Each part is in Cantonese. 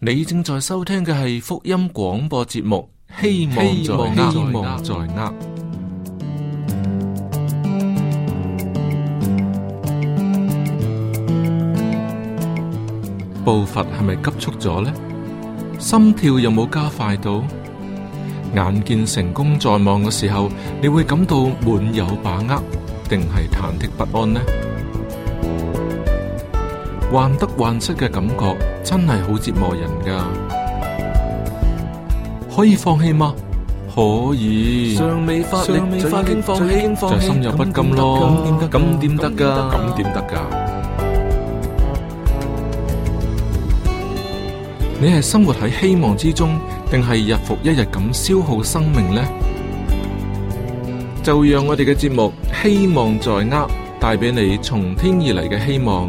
你正在收聽嘅係福音廣播節目，希望希望在握。步伐係咪急促咗呢？心跳有冇加快到？眼見成功在望嘅時候，你會感到滿有把握，定係忐忑不安呢？患得患失嘅感覺真係好折磨人噶，可以放棄嗎？可以。尚未發力，最應放棄，就係心有不甘咯。咁點得？咁點得噶？咁點得噶？你係生活喺希望之中，定係日復一日咁消耗生命呢？就讓我哋嘅節目《希望在握》，帶俾你從天而嚟嘅希望。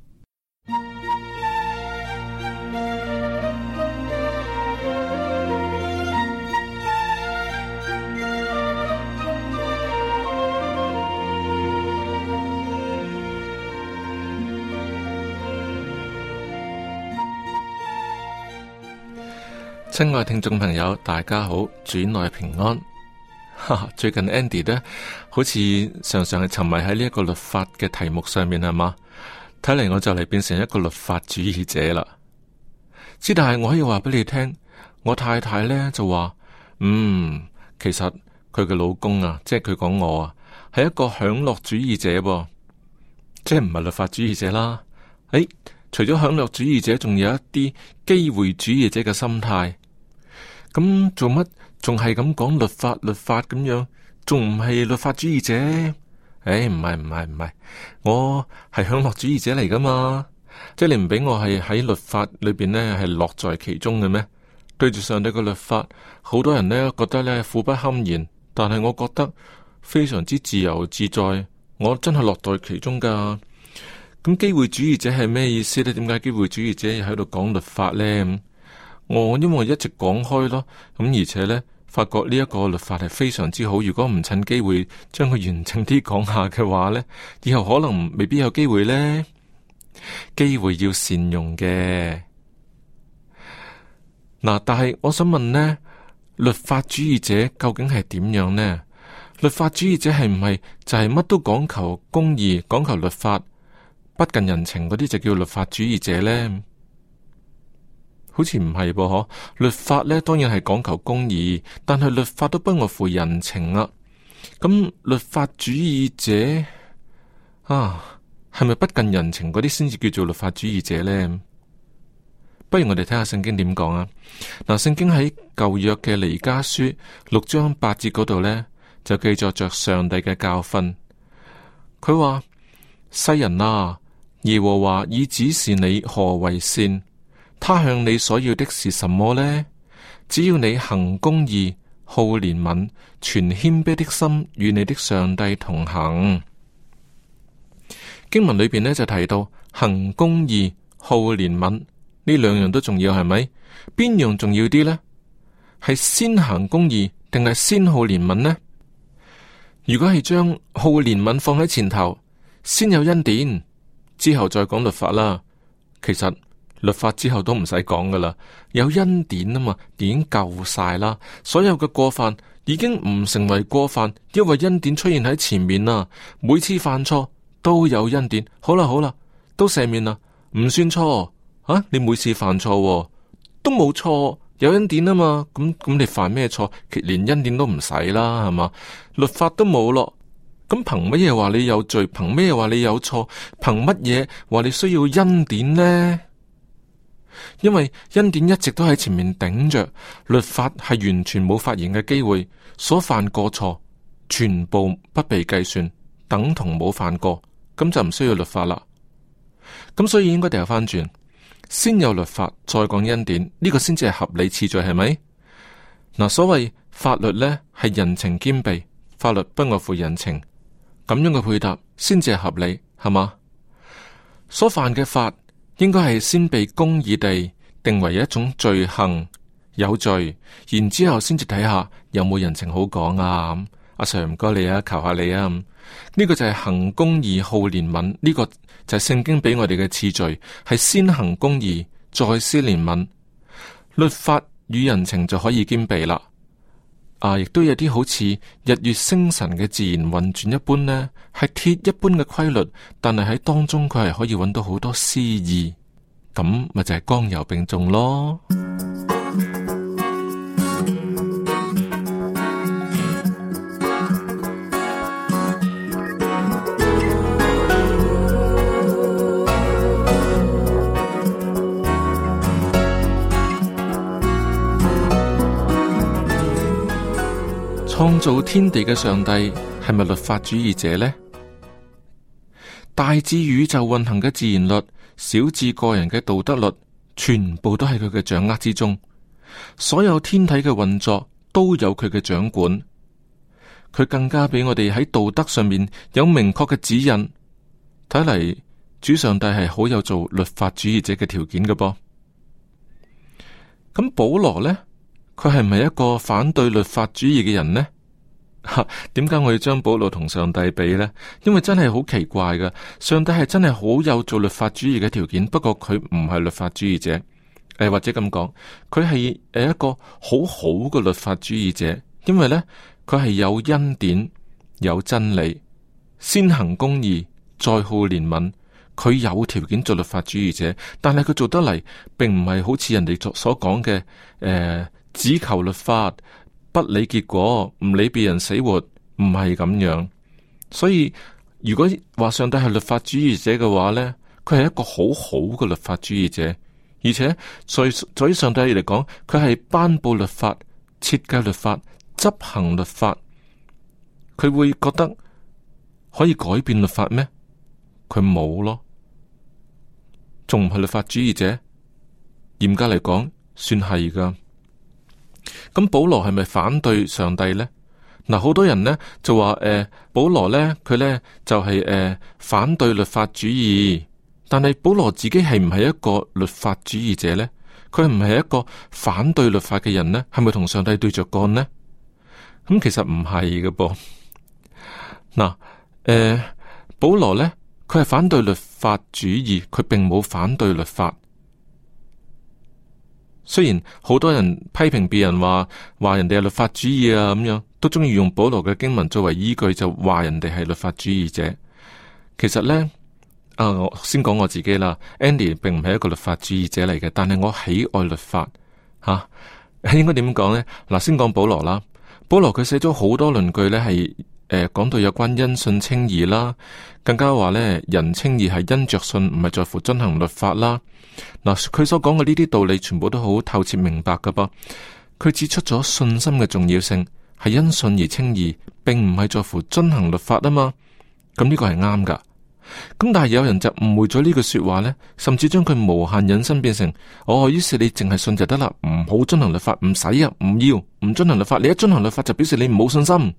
親愛聽眾朋友，大家好，轉內平安。 最近 Andy 呢，好似常常係沉迷喺呢一個律法嘅題目上面，係嘛？睇嚟，我就嚟變成一個律法主義者啦。之但係我可以話俾你聽，我太太呢就話，嗯，其實佢嘅老公啊，即係佢講我啊，係一個享樂主義者噃。即係唔係律法主義者啦。誒，除咗享樂主義者，仲有一啲機會主義者嘅心態。咁做乜仲係咁講律法律法咁樣，仲唔係律法主義者？誒、哎，唔係唔係唔係，我係享樂主義者嚟噶嘛？即係你唔俾我係喺律法裏邊呢，係樂在其中嘅咩？對住上帝個律法，好多人呢覺得呢苦不堪言，但係我覺得非常之自由自在，我真係樂在其中噶。咁機會主義者係咩意思呢？點解機會主義者喺度講律法呢？我、哦、因為一直講開咯，咁而且呢，發覺呢一個律法係非常之好。如果唔趁機會將佢完整啲講下嘅話呢，以後可能未必有機會呢。機會要善用嘅。嗱、啊，但係我想問呢，律法主義者究竟係點樣呢？律法主義者係唔係就係乜都講求公義、講求律法不近人情嗰啲就叫律法主義者呢？好似唔係噃，嗬！律法呢，當然係講求公義，但係律法都不外乎人情啦、啊。咁、嗯，律法主義者啊，係咪不,不近人情嗰啲先至叫做律法主義者呢？不如我哋睇下聖經點講啊！嗱，聖經喺舊約嘅彌迦書六章八節嗰度呢，就記載着上帝嘅教訓。佢話：世人啊，耶和華已指示你何為善。他向你所要的是什麼呢？只要你行公義、好憐憫、存謙卑的心，與你的上帝同行。經文裏邊呢就提到行公義、好憐憫呢兩樣都重要，係咪？邊樣重要啲呢？係先行公義，定係先好憐憫呢？如果係將好憐憫放喺前頭，先有恩典，之後再講律法啦。其實。律法之後都唔使講噶啦，有恩典啊嘛，已經夠晒啦。所有嘅過犯已經唔成為過犯，因為恩典出現喺前面啦。每次犯錯都有恩典，好啦好啦，都赦免啦，唔算錯，哦、啊。你每次犯錯，哦、都冇錯，有恩典啊嘛，咁咁你犯咩錯，連恩典都唔使啦，係嘛？律法都冇咯，咁憑乜嘢話你有罪？憑乜嘢話你有錯？憑乜嘢話你需要恩典呢？因為恩典一直都喺前面頂着，律法係完全冇發言嘅機會，所犯過錯全部不被計算，等同冇犯過，咁就唔需要律法啦。咁所以應該掉翻轉，先有律法，再講恩典，呢個先至係合理次序，係咪？嗱，所謂法律呢，係人情兼備，法律不外乎人情，咁樣嘅配搭先至係合理，係嘛？所犯嘅法。應該係先被公義地定為一種罪行，有罪，然之後先至睇下有冇人情好講啊！阿 Sir 唔該你啊，求下你啊！呢、這個就係行公義好憐憫，呢、這個就係聖經畀我哋嘅次序，係先行公義，再施憐憫，律法與人情就可以兼備啦。啊！亦都有啲好似日月星辰嘅自然運轉一般呢，係鐵一般嘅規律，但係喺當中佢係可以揾到好多詩意，咁咪就係剛柔並重咯。 創造天地嘅上帝係咪律法主義者呢？大至宇宙運行嘅自然律，小至個人嘅道德律，全部都喺佢嘅掌握之中。所有天體嘅運作都有佢嘅掌管。佢更加俾我哋喺道德上面有明確嘅指引。睇嚟主上帝係好有做律法主義者嘅條件嘅噃。咁保羅呢？佢係唔係一個反對律法主義嘅人呢？哈，點解我要將保羅同上帝比呢？因為真係好奇怪噶，上帝係真係好有做律法主義嘅條件，不過佢唔係律法主義者，誒、呃、或者咁講，佢係一個好好嘅律法主義者，因為呢，佢係有恩典、有真理，先行公義，再好憐憫，佢有條件做律法主義者，但係佢做得嚟，並唔係好似人哋所講嘅，誒、呃。只求律法，不理結果，唔理別人死活，唔係咁樣。所以如果話上帝係律法主義者嘅話呢，佢係一個好好嘅律法主義者，而且在在於上帝嚟講，佢係頒布律法、設計律法、執行律法，佢會覺得可以改變律法咩？佢冇咯，仲唔係律法主義者？嚴格嚟講，算係噶。咁保羅係咪反對上帝呢？嗱，好多人呢就話誒、呃，保羅呢，佢呢就係、是、誒、呃、反對律法主義，但係保羅自己係唔係一個律法主義者呢？佢唔係一個反對律法嘅人呢？係咪同上帝對着幹呢？咁、嗯、其實唔係嘅噃。嗱，誒、呃，保羅呢，佢係反對律法主義，佢並冇反對律法。雖然好多人批評別人話話人哋，係律法主義啊咁樣，都中意用保羅嘅經文作為依據就話人哋係律法主義者。其實呢，啊、呃，我先講我自己啦。Andy 並唔係一個律法主義者嚟嘅，但係我喜愛律法。吓、啊，應該點講咧？嗱，先講保羅啦。保羅佢寫咗好多論據呢，係。誒，講到有關因信稱義啦，更加話呢，人稱義係因着信，唔係在乎遵行律法啦。嗱、啊，佢所講嘅呢啲道理，全部都好透徹明白噶噃。佢指出咗信心嘅重要性，係因信而稱義，並唔係在乎遵行律法啊嘛。咁呢個係啱噶。咁但係有人就誤會咗呢句說話呢，甚至將佢無限引申，變成我於、哦、於是你淨係信就得啦，唔好遵行律法，唔使啊，唔要，唔遵行律法，你一遵行律法就表示你冇信心。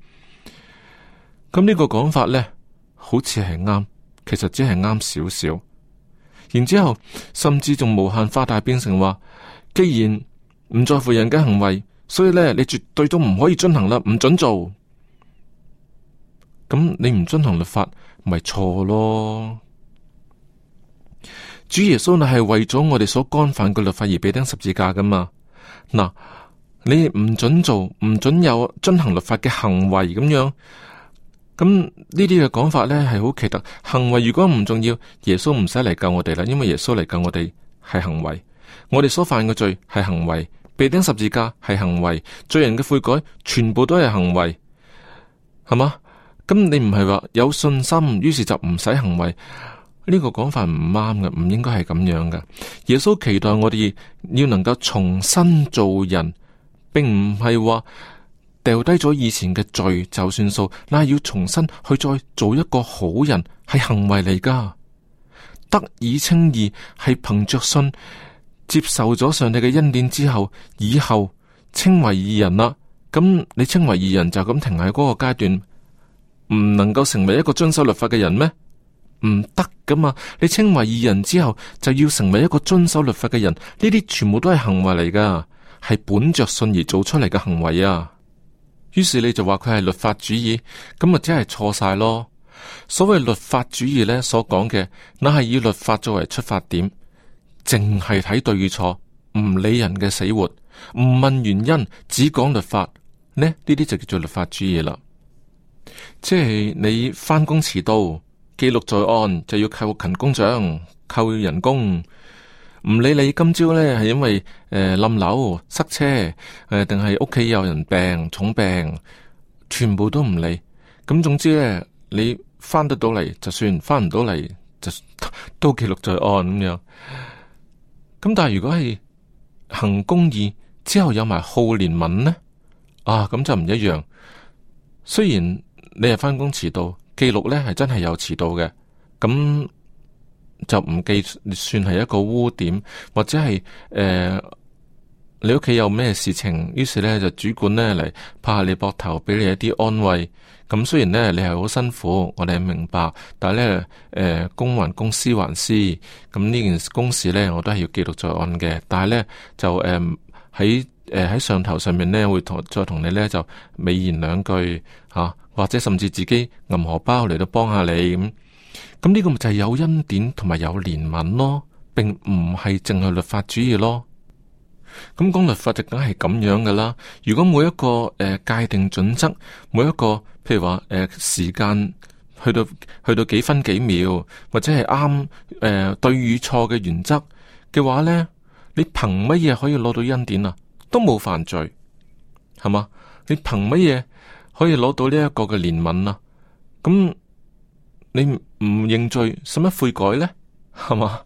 咁呢個講法呢，好似係啱，其實只係啱少少。然之後，甚至仲無限化大，變成話，既然唔在乎人嘅行為，所以呢，你絕對都唔可以進行啦，唔準做。咁你唔遵行律法，咪、就是、錯咯。主耶穌你係為咗我哋所干犯嘅律法而被釘十字架噶嘛？嗱，你唔準做，唔準有遵行律法嘅行為，咁樣。咁呢啲嘅講法呢係好奇特，行為如果唔重要，耶穌唔使嚟救我哋啦，因為耶穌嚟救我哋係行為，我哋所犯嘅罪係行為，被釘十字架係行為，罪人嘅悔改全部都係行為，係嘛？咁你唔係話有信心，於是就唔使行為。呢個講法唔啱嘅，唔應該係咁樣嘅。耶穌期待我哋要能夠重新做人，並唔係話。掉低咗以前嘅罪就算數，那要重新去再做一個好人係行為嚟噶。得以稱義係憑着信接受咗上帝嘅恩典之後，以後稱為義人啦。咁、嗯、你稱為義人就咁停喺嗰個階段，唔能夠成為一個遵守律法嘅人咩？唔得噶嘛。你稱為義人之後就要成為一個遵守律法嘅人，呢啲全部都係行為嚟噶，係本着信而做出嚟嘅行為啊。於是你就話佢係律法主義，咁咪真係錯晒咯。所謂律法主義呢所講嘅那係以律法作為出發點，淨係睇對與錯，唔理人嘅死活，唔問原因，只講律法咧。呢啲就叫做律法主義啦。即係你返工遲到，記錄在案就要扣勤工獎，扣人工。唔理你今朝咧係因為誒冧樓塞車誒，定係屋企有人病重病，全部都唔理。咁總之咧，你翻得到嚟就算，翻唔到嚟就都記錄在案咁樣。咁但係如果係行公義之後有埋好憐憫呢，啊咁就唔一樣。雖然你係翻工遲到，記錄咧係真係有遲到嘅，咁。就唔記算係一個污點，或者係誒、呃、你屋企有咩事情，於是呢，就主管呢嚟拍下你膊頭，俾你一啲安慰。咁、嗯、雖然呢，你係好辛苦，我哋係明白，但係呢，誒、呃、公還公，私還私。咁、嗯、呢件公事呢，我都係要記錄在案嘅。但係呢，就誒喺誒喺上頭上面呢，會同再同你呢，就美言兩句吓、啊，或者甚至自己銀荷包嚟到幫下你咁。嗯。咁呢個咪就係有恩典同埋有憐憫咯，並唔係淨係律法主義咯。咁、嗯、講律法就梗係咁樣噶啦。如果每一個誒、呃、界定準則，每一個譬如話誒、呃、時間去到去到幾分幾秒，或者係啱誒對與錯嘅原則嘅話咧，你憑乜嘢可以攞到恩典啊？都冇犯罪係嘛？你憑乜嘢可以攞到呢一個嘅憐憫啊？咁、嗯？你唔認罪，使乜悔改呢？係嘛？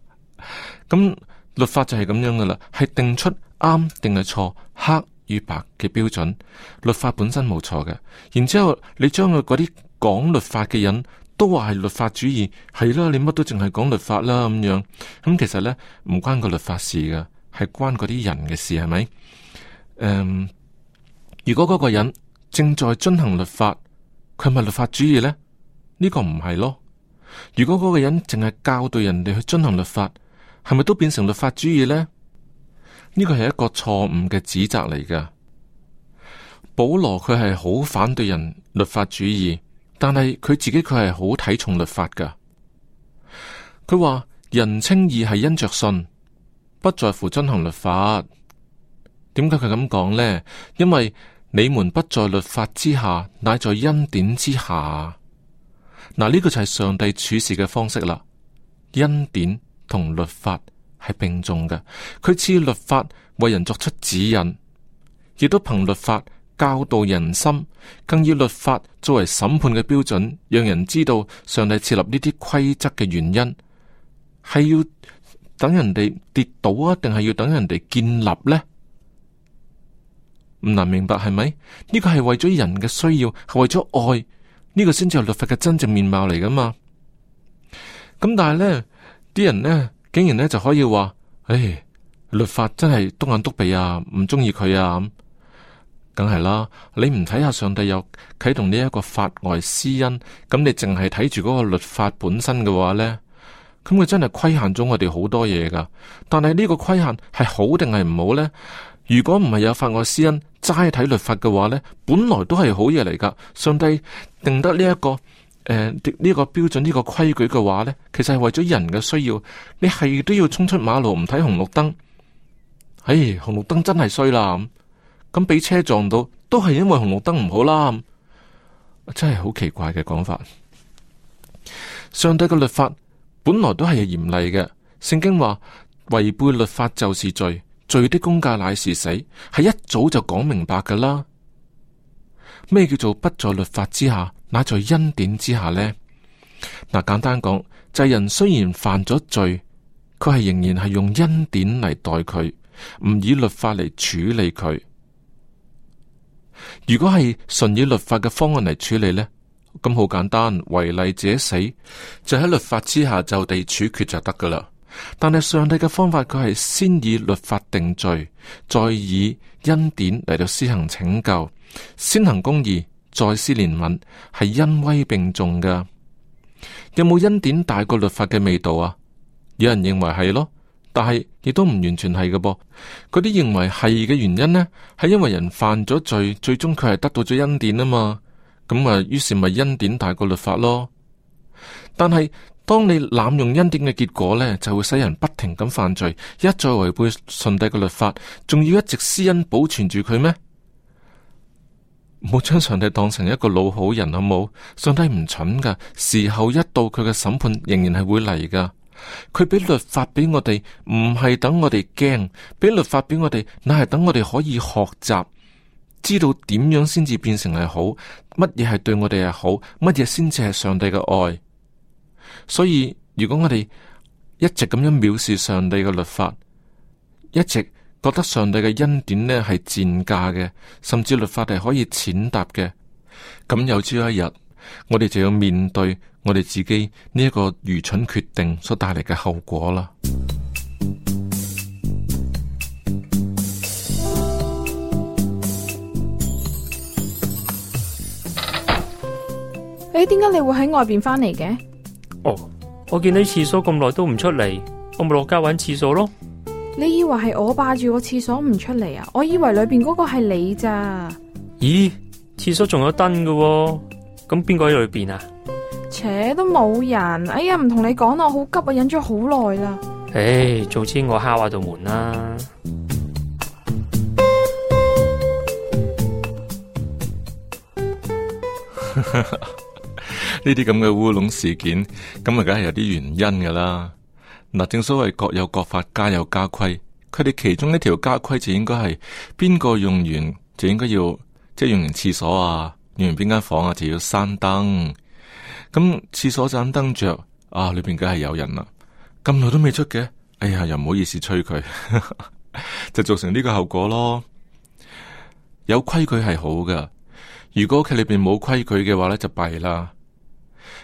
咁，律法就係咁樣噶啦，係定出啱定係錯，黑與白嘅標準。律法本身冇錯嘅，然之後你將佢嗰啲講律法嘅人都話係律法主義，係啦，你乜都淨係講律法啦咁樣。咁、嗯、其實呢，唔關個律法事噶，係關嗰啲人嘅事係咪？誒、嗯，如果嗰個人正在進行律法，佢咪律法主義呢？呢個唔係咯。如果嗰個人淨係教對人哋去遵行律法，係咪都變成律法主義呢？呢個係一個錯誤嘅指責嚟噶。保羅佢係好反對人律法主義，但係佢自己佢係好睇重律法噶。佢話人稱義係因着信，不在乎遵行律法。點解佢咁講呢？因為你們不在律法之下，乃在恩典之下。嗱，呢個就係上帝處事嘅方式啦。恩典同律法係並重嘅，佢賜律法為人作出指引，亦都憑律法教導人心，更以律法作為審判嘅標準，讓人知道上帝設立呢啲規則嘅原因，係要等人哋跌倒啊，定係要等人哋建立呢？唔、嗯、難明白係咪？呢、呢個係為咗人嘅需要，係為咗愛。呢個先至係律法嘅真正面貌嚟噶嘛？咁但係呢啲人呢，竟然呢就可以話：唉、哎，律法真係篤眼篤鼻啊，唔中意佢啊咁，梗係啦！你唔睇下上帝又啟動呢一個法外私恩，咁你淨係睇住嗰個律法本身嘅話呢，咁佢真係規限咗我哋好多嘢噶。但係呢個規限係好定係唔好呢？如果唔係有法外施恩，齋睇律法嘅話呢，本來都係好嘢嚟㗎。上帝定得呢、這、一個誒呢一個標準呢、這個規矩嘅話呢，其實係為咗人嘅需要。你係都要衝出馬路唔睇紅綠燈，唉、哎，紅綠燈真係衰啦。咁俾車撞到，都係因為紅綠燈唔好啦。真係好奇怪嘅講法。上帝嘅律法本來都係嚴厲嘅，聖經話違背律法就是罪。罪的公價乃是死，係一早就講明白噶啦。咩叫做不在律法之下，乃在恩典之下呢？嗱，簡單講，罪人雖然犯咗罪，佢係仍然係用恩典嚟待佢，唔以律法嚟處理佢。如果係純以律法嘅方案嚟處理呢，咁好簡單，違例者死，就喺律法之下就地處決就得噶啦。但係上帝嘅方法，佢係先以律法定罪，再以恩典嚟到施行拯救，先行公義，再施憐憫，係恩威並重嘅。有冇恩典大過律法嘅味道啊？有人認為係咯，但係亦都唔完全係嘅噃。嗰啲認為係嘅原因呢？係因為人犯咗罪，最終佢係得到咗恩典啊嘛。咁啊，於是咪恩典大過律法咯？但係，當你濫用恩典嘅結果呢，就會使人不停咁犯罪，一再違背上帝嘅律法，仲要一直施恩保存住佢咩？冇將上帝當成一個老好人好冇？上帝唔蠢噶時候一到，佢嘅審判仍然係會嚟噶佢俾律法俾我哋，唔係等我哋驚，俾律法俾我哋，乃係等我哋可以學習，知道點樣先至變成係好，乜嘢係對我哋係好，乜嘢先至係上帝嘅愛。所以，如果我哋一直咁樣藐視上帝嘅律法，一直覺得上帝嘅恩典呢係賤價嘅，甚至律法係可以踐踏嘅，咁有朝一日，我哋就要面對我哋自己呢一個愚蠢決定所帶嚟嘅後果啦。誒、欸，點解你會喺外邊翻嚟嘅？哦，我見你廁所咁耐都唔出嚟，我咪落街揾廁所咯。你以為係我霸住個廁所唔出嚟啊？我以為裏邊嗰個係你咋？咦，廁所仲有燈噶、哦？咁邊個喺裏邊啊？扯都冇人，哎呀，唔同你講我好急啊，忍咗好耐啦。唉、哎，早知我敲下度門啦。 呢啲咁嘅烏龍事件，咁啊，梗係有啲原因噶啦。嗱，正所謂各有各法，家有家規。佢哋其中一條家規就應該係，邊個用完就應該要，即係用完廁所啊，用完邊間房啊，就要閂燈。咁、嗯、廁所盞燈着，啊，裏邊梗係有人啊，咁耐都未出嘅，哎呀，又唔好意思催佢， 就造成呢個後果咯。有規矩係好噶，如果屋企裏邊冇規矩嘅話咧，就弊啦。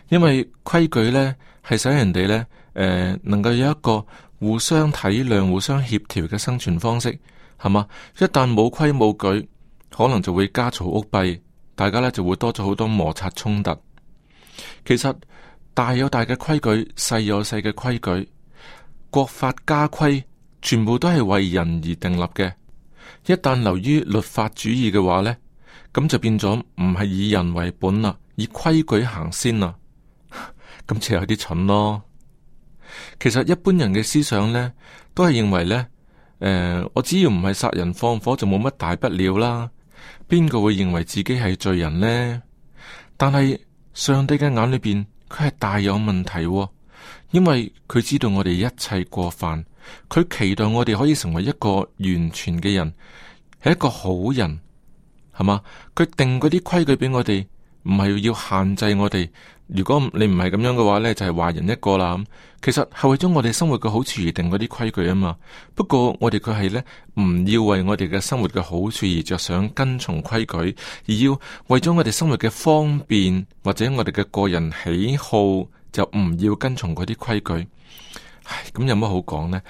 因為規矩呢係使人哋呢誒、呃、能夠有一個互相體諒、互相協調嘅生存方式，係嘛？一旦冇規冇矩，可能就會家嘈屋閉，大家呢就會多咗好多摩擦衝突。其實大有大嘅規矩，細有細嘅規矩，國法家規全部都係為人而定立嘅。一旦流於律法主義嘅話呢，咁就變咗唔係以人為本啦。以規矩行先啊，咁 似有啲蠢咯。其實一般人嘅思想呢，都係認為呢：呃「誒，我只要唔係殺人放火就冇乜大不了啦。」邊個會認為自己係罪人呢？但係上帝嘅眼裏邊，佢係大有問題啊，因為佢知道我哋一切過犯，佢期待我哋可以成為一個完全嘅人，係一個好人，係嘛？佢定嗰啲規矩俾我哋。唔係要限制我哋，如果你唔係咁樣嘅話呢就係壞人一個啦。其實係為咗我哋生活嘅好處而定嗰啲規矩啊嘛。不過我哋佢係呢唔要為我哋嘅生活嘅好處而着想，跟從規矩，而要為咗我哋生活嘅方便或者我哋嘅個人喜好，就唔要跟從嗰啲規矩。唉，咁有乜好講呢？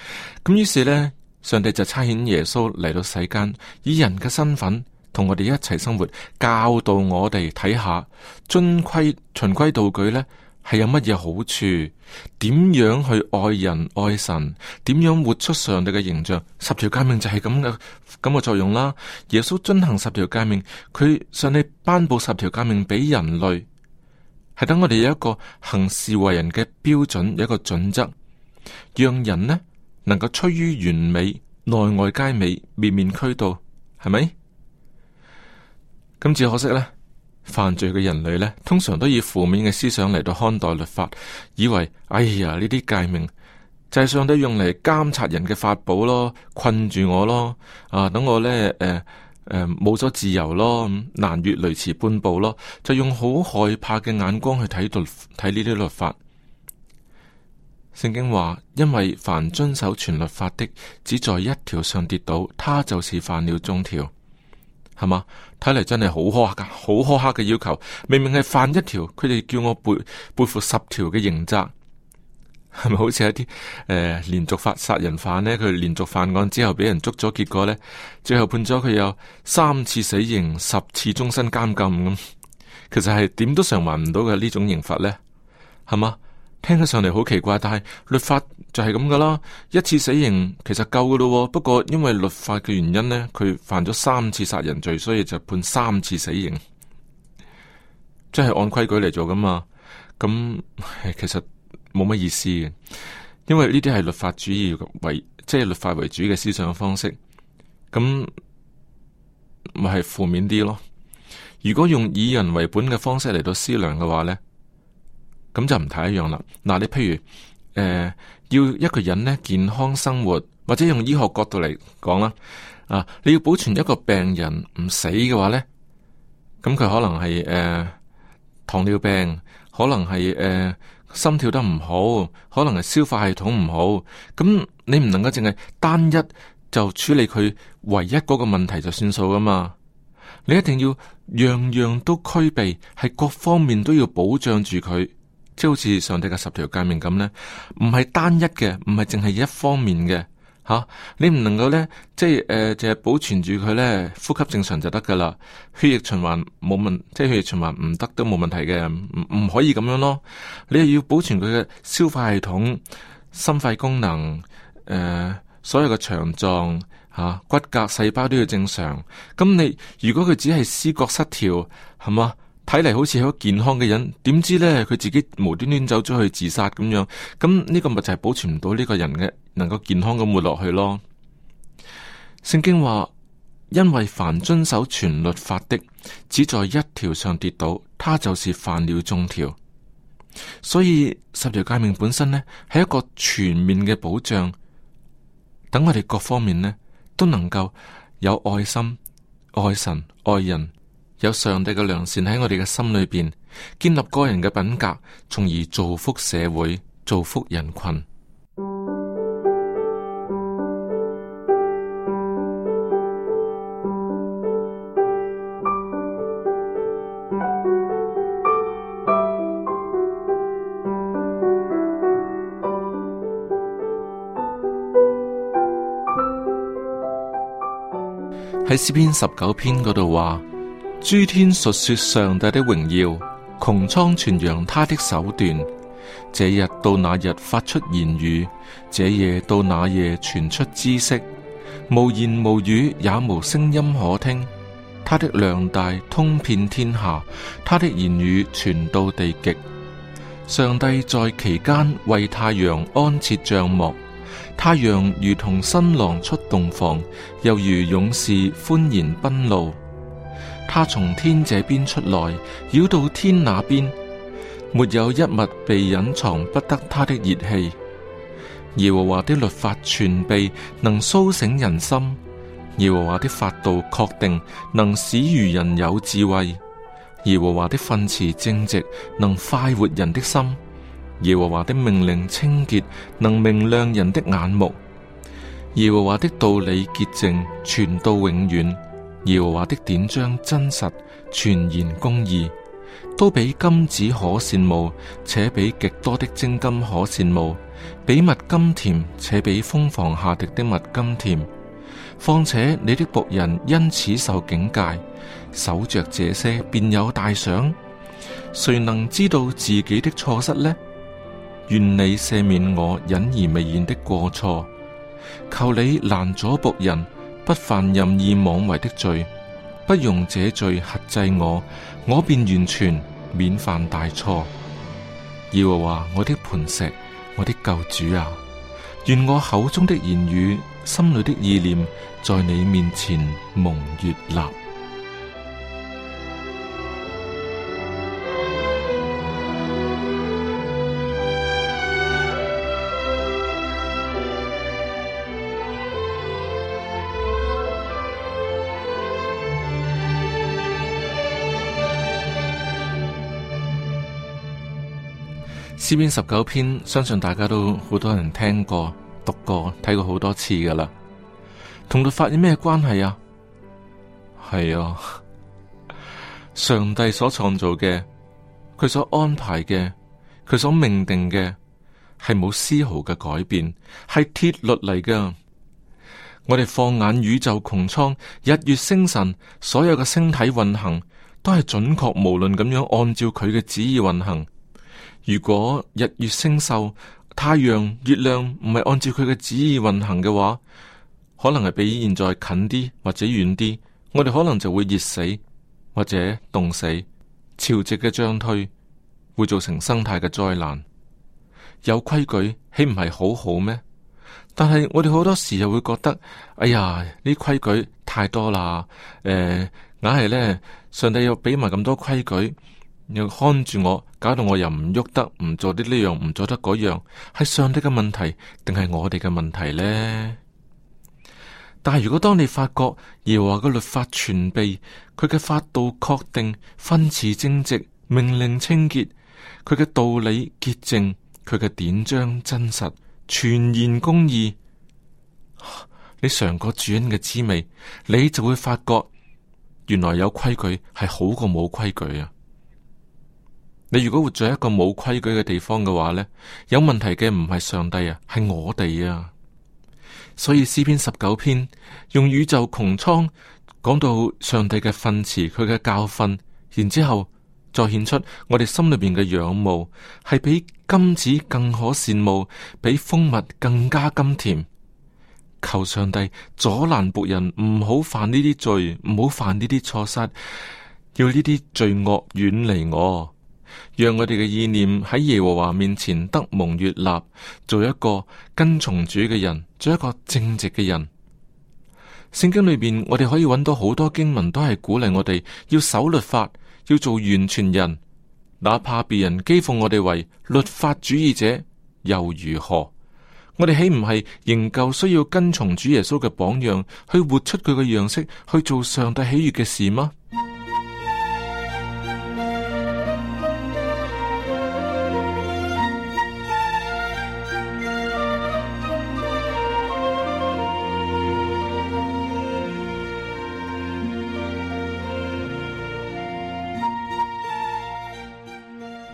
咁於是呢，上帝就差遣耶穌嚟到世間，以人嘅身份。同我哋一齊生活，教導我哋睇下遵規循規蹈矩呢係有乜嘢好處？點樣去愛人愛神？點樣活出上帝嘅形象？十條誡命就係咁嘅咁嘅作用啦。耶穌遵行十條誡命，佢上嚟頒布十條誡命俾人類，係等我哋有一個行事為人嘅標準，有一個準則，讓人呢能夠趨於完美，內外皆美，面面俱到，係咪？咁只可惜咧，犯罪嘅人類呢，通常都以負面嘅思想嚟到看待律法，以為哎呀呢啲誡命，就係、是、上帝用嚟監察人嘅法寶咯，困住我咯，啊，等我呢，誒、呃，誒、呃，冇咗自由咯，難越雷池半步咯，就用好害怕嘅眼光去睇律，睇呢啲律法。聖經話：，因為凡遵守全律法的，只在一條上跌倒，他就是犯了眾條。係嘛？睇嚟真係好苛刻，好苛刻嘅要求。明明係犯一條，佢哋叫我背背負十條嘅刑責，係咪好似一啲誒、呃、連續發殺人犯呢？佢連續犯案之後俾人捉咗，結果呢？最後判咗佢有三次死刑、十次終身監禁咁。其實係點都償還唔到嘅呢種刑罰呢？係嘛？聽起上嚟好奇怪，但係律法就係咁噶啦，一次死刑其實夠噶咯。不過因為律法嘅原因呢，佢犯咗三次殺人罪，所以就判三次死刑，即係按規矩嚟做噶嘛。咁其實冇乜意思嘅，因為呢啲係律法主義為即係律法為主嘅思想方式，咁咪係負面啲咯。如果用以人為本嘅方式嚟到思量嘅話呢。咁就唔太一樣啦。嗱，你譬如誒、呃，要一個人呢，健康生活，或者用醫學角度嚟講啦，啊，你要保存一個病人唔死嘅話咧，咁佢可能係誒、呃、糖尿病，可能係誒、呃、心跳得唔好，可能係消化系統唔好，咁你唔能夠淨係單一就處理佢唯一嗰個問題就算數噶嘛？你一定要樣樣都俱備，係各方面都要保障住佢。即好似上帝嘅十條誡命咁呢，唔係單一嘅，唔係淨係一方面嘅，吓、啊、你唔能夠呢，即係誒，淨、呃、係保存住佢呢呼吸正常就得噶啦，血液循環冇問，即係血液循環唔得都冇問題嘅，唔唔可以咁樣咯，你又要保存佢嘅消化系統、心肺功能、誒、呃、所有嘅腸臟吓、骨骼、細胞都要正常。咁你如果佢只係思覺失調，係嘛？睇嚟好似好健康嘅人，點知呢？佢自己無端端走咗去自殺咁樣？咁呢個咪就係保存唔到呢個人嘅，能夠健康咁活落去咯？聖經話，因為凡遵守全律法的，只在一條上跌倒，他就是犯了眾條。所以十條誡命本身呢，係一個全面嘅保障，等我哋各方面呢，都能夠有愛心、愛神、愛人。有上帝嘅良善喺我哋嘅心裏邊，建立個人嘅品格，從而造福社會、造福人群。喺 詩篇十九篇嗰度話。諸天述說上帝的榮耀，穹蒼傳揚他的手段。這日到那日發出言語，這夜到那夜傳出知識。無言無語也無聲音可聽，他的量大通遍天下，他的言語傳到地極。上帝在其間為太陽安設帳幕，太陽如同新郎出洞房，又如勇士歡然奔路。他從天這邊出來，繞到天那邊，沒有一物被隱藏不得他的熱氣。耶和華的律法全備，能蘇醒人心；耶和華的法度確定，能使愚人有智慧；耶和華的訓詞正直，能快活人的心；耶和華的命令清潔，能明亮人的眼目；耶和華的道理潔淨，傳到永遠。耶和華的典章真實，全然公義，都比金子可羨慕，且比極多的精金可羨慕。比蜜甘甜，且比蜂房下滴的蜜甘甜。況且你的僕人因此受警戒，守着這些便有大賞。誰能知道自己的錯失呢？願你赦免我隱而未現的過錯，求你攔阻僕人。不犯任意妄為的罪，不容這罪克制我，我便完全免犯大錯。耶和華我的磐石，我的救主啊，願我口中的言語、心裏的意念，在你面前蒙悅納。詩篇十九篇，相信大家都好多人聽過、讀過、睇過好多次噶啦。同律法有咩關係啊？係啊，上帝所創造嘅，佢所安排嘅，佢所命定嘅，係冇絲毫嘅改變，係鐵律嚟噶。我哋放眼宇宙穹蒼，日月星辰，所有嘅星體運行都係準確，無論咁樣按照佢嘅旨意運行。如果日月星宿，太陽、月亮唔係按照佢嘅旨意運行嘅話，可能係比現在近啲或者遠啲，我哋可能就會熱死或者凍死，潮汐嘅漲退會造成生態嘅災難。有規矩豈唔係好好咩？但係我哋好多時又會覺得，哎呀，呢規矩太多啦，誒、欸，硬係呢，上帝又俾埋咁多規矩。又看住我，搞到我又唔喐得，唔做得呢樣，唔做得嗰樣，係上帝嘅問題定係我哋嘅問題咧？但係如果當你發覺耶和華嘅律法全備，佢嘅法度確定，訓詞正直，命令清潔，佢嘅道理潔淨，佢嘅典章真實，全言公義，啊，你嘗過主恩嘅滋味，你就會發覺原來有規矩係好過冇規矩啊！你如果活在一個冇規矩嘅地方嘅話呢，有問題嘅唔係上帝啊，係我哋啊。所以詩篇十九篇用宇宙穹蒼講到上帝嘅訓詞，佢嘅教訓，然之後再顯出我哋心裏邊嘅仰慕，係比金子更可羨慕，比蜂蜜更加甘甜。求上帝阻攔僕人唔好犯呢啲罪，唔好犯呢啲錯失，要呢啲罪惡遠離我。讓我哋嘅意念喺耶和華面前得蒙悅納，做一個跟從主嘅人，做一個正直嘅人。聖經裏邊，我哋可以揾到好多經文，都係鼓勵我哋要守律法，要做完全人。哪怕別人譏諷我哋為律法主義者，又如何？我哋豈唔係仍舊需要跟從主耶穌嘅榜樣，去活出佢嘅樣式，去做上帝喜悅嘅事嗎？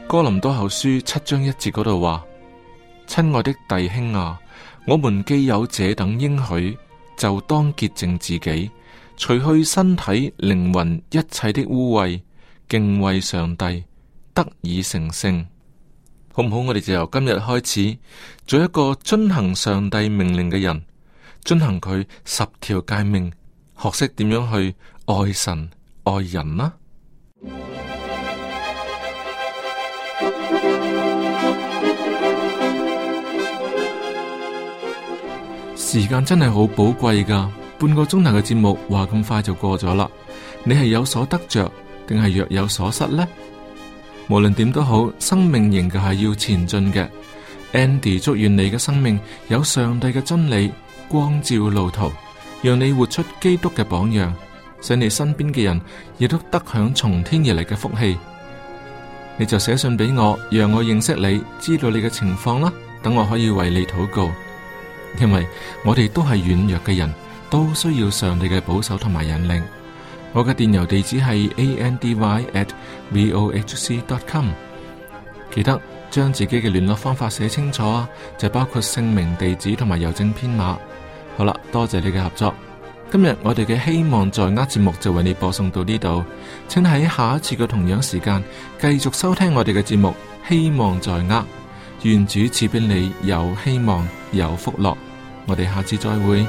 哥林多後書七章一節嗰度話：親愛的弟兄啊，我們既有這等應許，就當潔淨自己，除去身體、靈魂一切的污穢，敬畏上帝，得以成聖。好唔好？我哋就由今日開始，做一個遵行上帝命令嘅人，遵行佢十條誡命，學識點樣去愛神、愛人啦。時間真係好寶貴噶，半個鐘頭嘅節目話咁快就過咗啦。你係有所得着，定係若有所失呢？無論點都好，生命仍舊係要前進嘅。Andy，祝願你嘅生命有上帝嘅真理光照路途，讓你活出基督嘅榜樣，使你身邊嘅人亦都得享從天而嚟嘅福氣。你就寫信俾我，讓我認識你，知道你嘅情況啦，等我可以為你禱告。因為我哋都係軟弱嘅人，都需要上帝嘅保守同埋引領。我嘅電郵地址係 a n d y at v o h c dot com。記得將自己嘅聯絡方法寫清楚啊，就包括姓名、地址同埋郵政編碼。好啦，多謝你嘅合作。今日我哋嘅希望在握節目就為你播送到呢度，請喺下一次嘅同樣時間繼續收聽我哋嘅節目。希望在握。願主賜俾你有希望，有福樂。我哋下次再會。